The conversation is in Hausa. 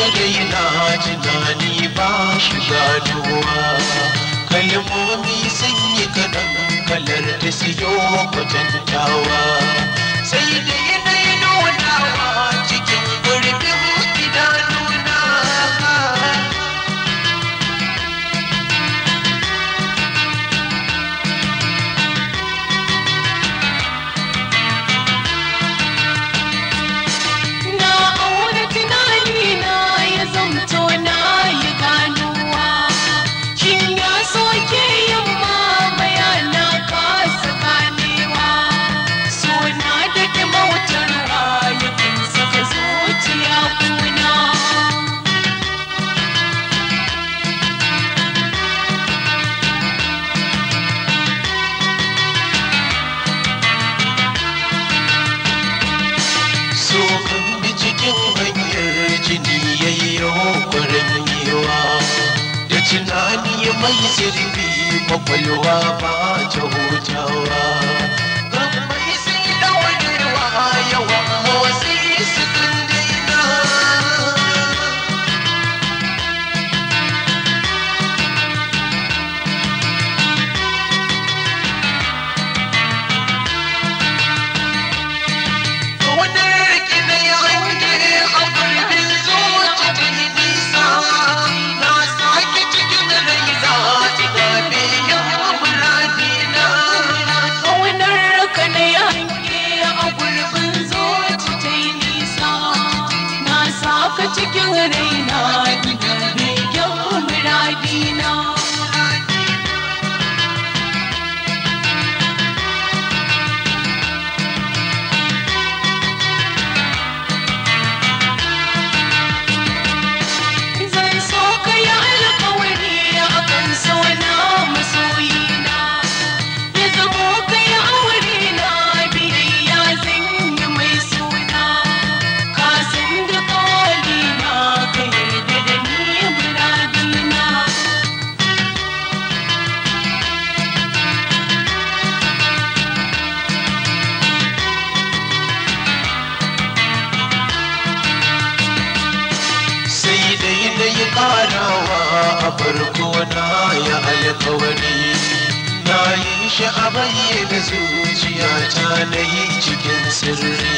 da na tunani ba shiga duwa kalmomi sun yi kaɗan kalar da siyo kwatan tunani mai zirfi kwakwalwa ba ta hutawa farawa a farko na ya alkawari na yi shi a bayyana zuciya ta na yi cikin sirri